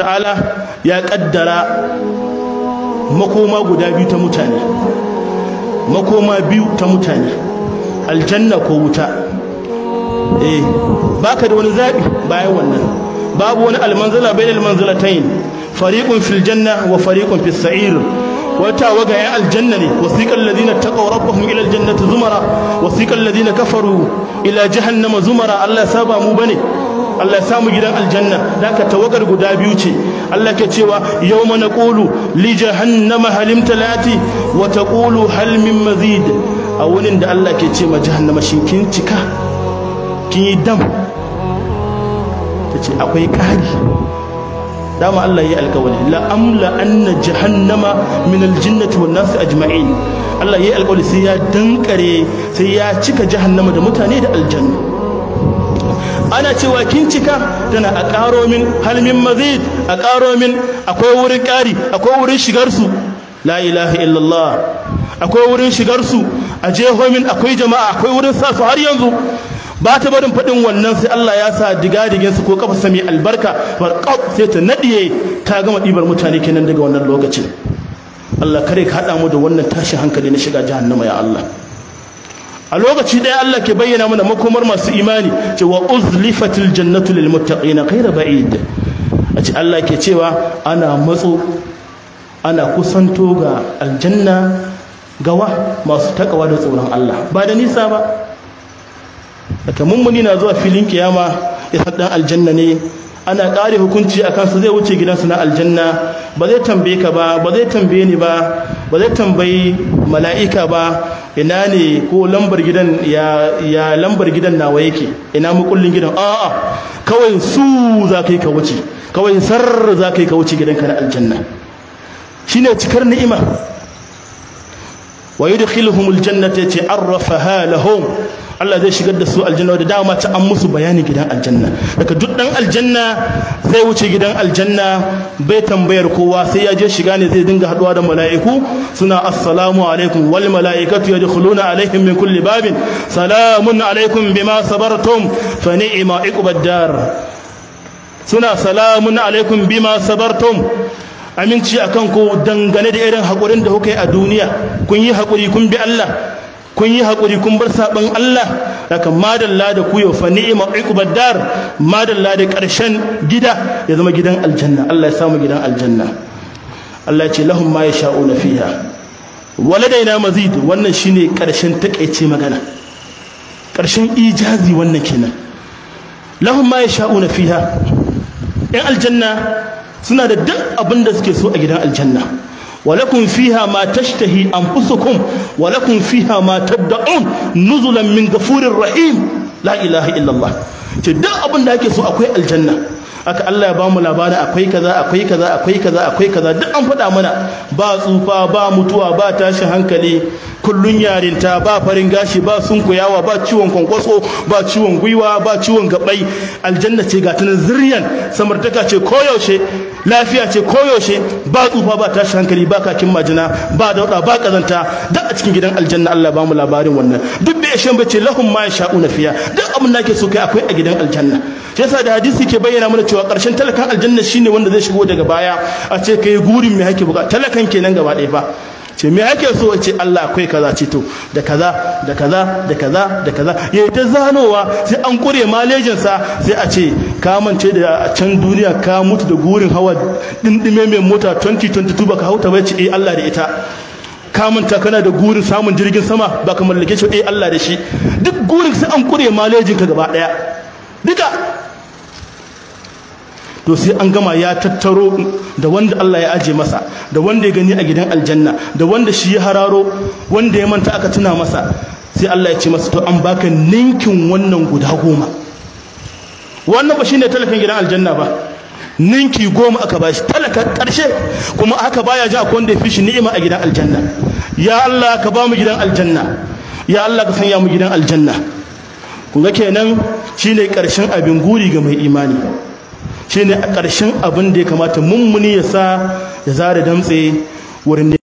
ta'ala ya kaddara makoma guda biyu ta mutane makoma biyu ta mutane aljanna ko wuta eh baka da wani zabi bayan wannan babu wani almanzala bainal manzalatayn fariqun fil janna wa fariqun fis sa'ir wata waga ya aljanna ne wasiqal ladina taqaw rabbahum ila aljannati zumara wasiqal ladina kafaru ila jahannama zumara Allah saba mu bane Allah samu gidan aljanna ka tawagar guda biyu ce Allah ke cewa yawma naqulu li jahannama halim talati wa taqulu hal min mazid a wurin da Allah ke ce ma jahannama shin kin cika kin yi dam tace akwai kari dama Allah ya alkawari la amla anna jahannama min aljannati wan nas ajma'in Allah ya alkawali sai ya dankare sai ya cika jahannama da mutane da aljanna ana cewa kin cika tana a ƙaro min halmin mazid a ƙaro min akwai wurin ƙari akwai wurin shigarsu la ilaha illallah akwai wurin shigarsu a min akwai jama'a akwai wurin sa su har yanzu ba ta barin faɗin wannan sai Allah ya sa digin su ko kafa sami albarka barkau sai ta naɗiye ta gama ɗibar mutane kenan daga wannan lokacin Allah kare ka haɗa mu da wannan tashin hankali na shiga jahannama ya Allah a lokaci ɗaya Allah ke bayyana mana makomar masu imani cewa uzlifatil jannatu lil muttaqina ghayra ba'id a ce Allah ke cewa ana matso ana kusanto ga aljanna gawa masu takawa da tsoron Allah ba da nisa ba daga mummuni na zuwa filin kiyama ya dan aljanna ne ana ƙare hukunci a kansa zai wuce gidansu na aljanna ba zai tambaye ka ba ba zai tambaye ni ba ba zai tambayi mala'ika ba ina ne ko lambar gidan ya lambar gidan nawa yake ina makullin gidan a'a kawai su za ka yi ka wuce kawai sar za ka yi ka wuce gidanka na aljanna shi shine cikar ni'ima wa yudkhiluhumul jannata ce arrafaha lahum Allah zai shigar da su aljanna da dama ta an musu bayani gidan aljanna daga duk dan aljanna zai wuce gidan aljanna bai tambayar kowa sai ya je shiga ne zai dinga haduwa da mala'iku suna assalamu alaikum wal mala'ikatu yadkhuluna alaihim min kulli babin salamun alaikum bima sabartum fa ni'ma iqbad dar suna salamun alaikum bima sabartum aminci akan ku dangane da irin haƙurin da kuka yi a duniya kun yi haƙuri kun bi Allah kun yi haƙuri kun bar saɓon Allah haka madalla da ku yau fa ni'ima dar madalla da ƙarshen gida ya zama gidan aljanna Allah ya samu gidan aljanna Allah ya ce lahum ma yasha'una fiha waladaina mazid wannan shine ƙarshen takeice magana ƙarshen ijazi wannan kenan lahum ma yasha'una fiha yan aljanna suna da duk abin da suke so a gidan aljanna ولكم فيها ما تشتهي أنفسكم ولكم فيها ما تبدعون نزلا من غفور رحيم لا إله إلا الله تدع أبن داكي سوء أكوي الجنة aka Allah ya bamu labarin akwai kaza akwai kaza akwai kaza akwai kaza duk an faɗa mana ba tsufa ba mutuwa ba tashin hankali kullun yarinta ba farin gashi ba sunkuyawa ba ciwon kwankwaso ba ciwon gwiwa ba ciwon gabai aljanna ce ga tunan zuriyan samartaka ce koyaushe lafiya ce koyaushe ba tsufa ba tashi hankali ba kakin majina ba dauda ba kazanta duk a cikin gidan aljanna Allah ba mu labarin wannan duk da shan bace lahum ma yasha'una fiya duk abin da ke so kai akwai a gidan aljanna shi yasa da hadisi ke bayyana mana cewa karshen talakan aljanna shine wanda zai shigo daga baya a ce kai gurin mai hake buka talakan kenan gaba ɗaya ba ce me ake so ce Allah akwai kaza ce to da kaza da kaza da kaza da kaza yayi ta zanowa sai an kure malejin sai a ce ka mance da a can duniya ka mutu da gurin hawa dindime mai mota 2022 baka hauta ba ce eh Allah da ita ka manta kana da gurin samun jirgin sama baka mallake shi eh Allah da shi duk gurin sai an kure malejin ka gaba daya duka to sai an gama ya tattaro da wanda Allah ya aje masa da wanda ya gani a gidan aljanna da wanda shi ya hararo wanda ya manta aka tuna masa sai Allah ya ce masa to an baka ninkin wannan guda goma wannan ba shine talakan gidan aljanna ba ninki goma aka ba shi talaka karshe kuma haka baya ja akwai wanda ya fi shi ni'ima a gidan aljanna ya Allah ka ba mu gidan aljanna ya Allah ka sanya mu gidan aljanna kun ga kenan shine karshen abin guri ga mai imani shine a ƙarshen abin da ya kamata mummuni ya sa ya zare damtse wurin